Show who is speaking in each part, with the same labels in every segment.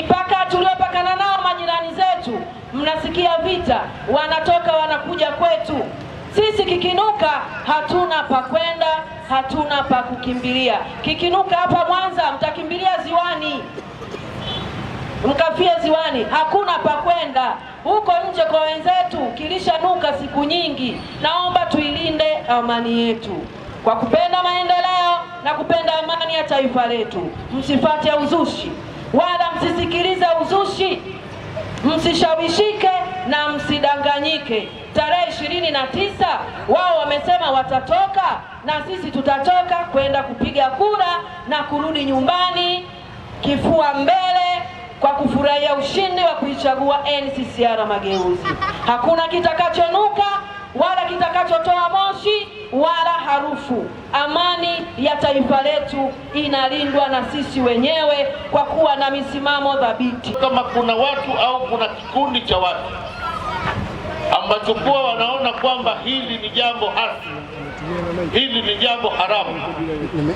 Speaker 1: Mipaka tuliopakana nao majirani zetu, mnasikia vita, wanatoka wanakuja kwetu. Sisi kikinuka, hatuna pa kwenda, hatuna pa kukimbilia. Kikinuka hapa Mwanza, mtakimbilia ziwani, mkafie ziwani, hakuna pa kwenda huko nje kwa wenzetu. Kilishanuka siku nyingi. Naomba tuilinde amani yetu kwa kupenda maendeleo na kupenda amani ya taifa letu. Msifate uzushi wala msisikilize uzushi, msishawishike na msidanganyike. Tarehe ishirini na tisa wao wamesema watatoka, na sisi tutatoka kwenda kupiga kura na kurudi nyumbani kifua mbele kwa kufurahia ushindi wa kuichagua NCCR Mageuzi. Hakuna kitakachonuka wala kitakachotoa wala harufu. Amani ya taifa letu inalindwa na sisi wenyewe kwa kuwa na misimamo thabiti.
Speaker 2: Kama kuna watu au kuna kikundi cha watu ambacho kuwa wanaona kwamba hili ni jambo hasi, hili ni jambo haramu,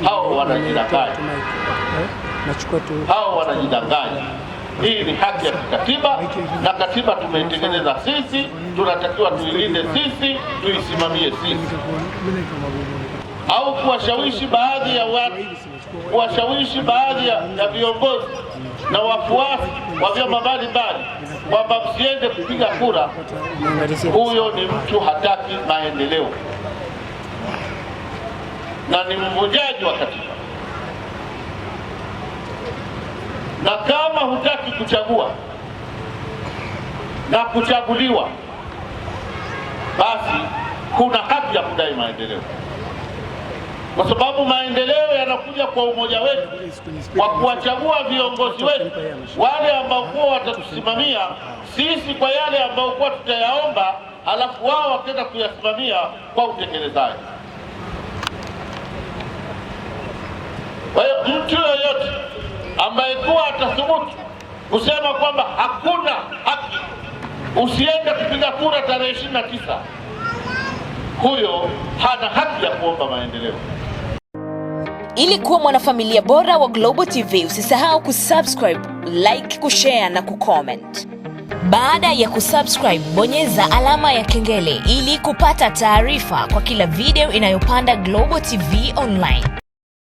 Speaker 2: hao wanajidanganya, hao wanajidanganya. Hii ni haki ya kikatiba, na katiba tumeitengeneza sisi, tunatakiwa tuilinde sisi, tuisimamie sisi, au kuwashawishi baadhi ya watu, kuwashawishi baadhi ya viongozi na wafuasi wa vyama mbalimbali kwamba msiende kupiga kura, huyo ni mtu hataki maendeleo na ni mvunjaji wa katiba. na kama hutaki kuchagua na kuchaguliwa, basi kuna haki ya kudai maendeleo, kwa sababu maendeleo yanakuja kwa umoja wetu, kwa kuwachagua viongozi wetu wale ambao kuwa watatusimamia sisi kwa yale ambao kuwa tutayaomba, halafu wao wakenda kuyasimamia kwa utekelezaji. Kwa hiyo mtu ambaye kuwa atathubutu kusema kwamba hakuna haki, usiende kupiga kura tarehe ishirini na tisa, huyo hana haki ya kuomba maendeleo. Ili kuwa mwanafamilia bora wa Global TV, usisahau kusubscribe, like, kushare na kucomment. Baada ya kusubscribe, bonyeza alama ya kengele ili kupata taarifa kwa kila video inayopanda Global TV Online.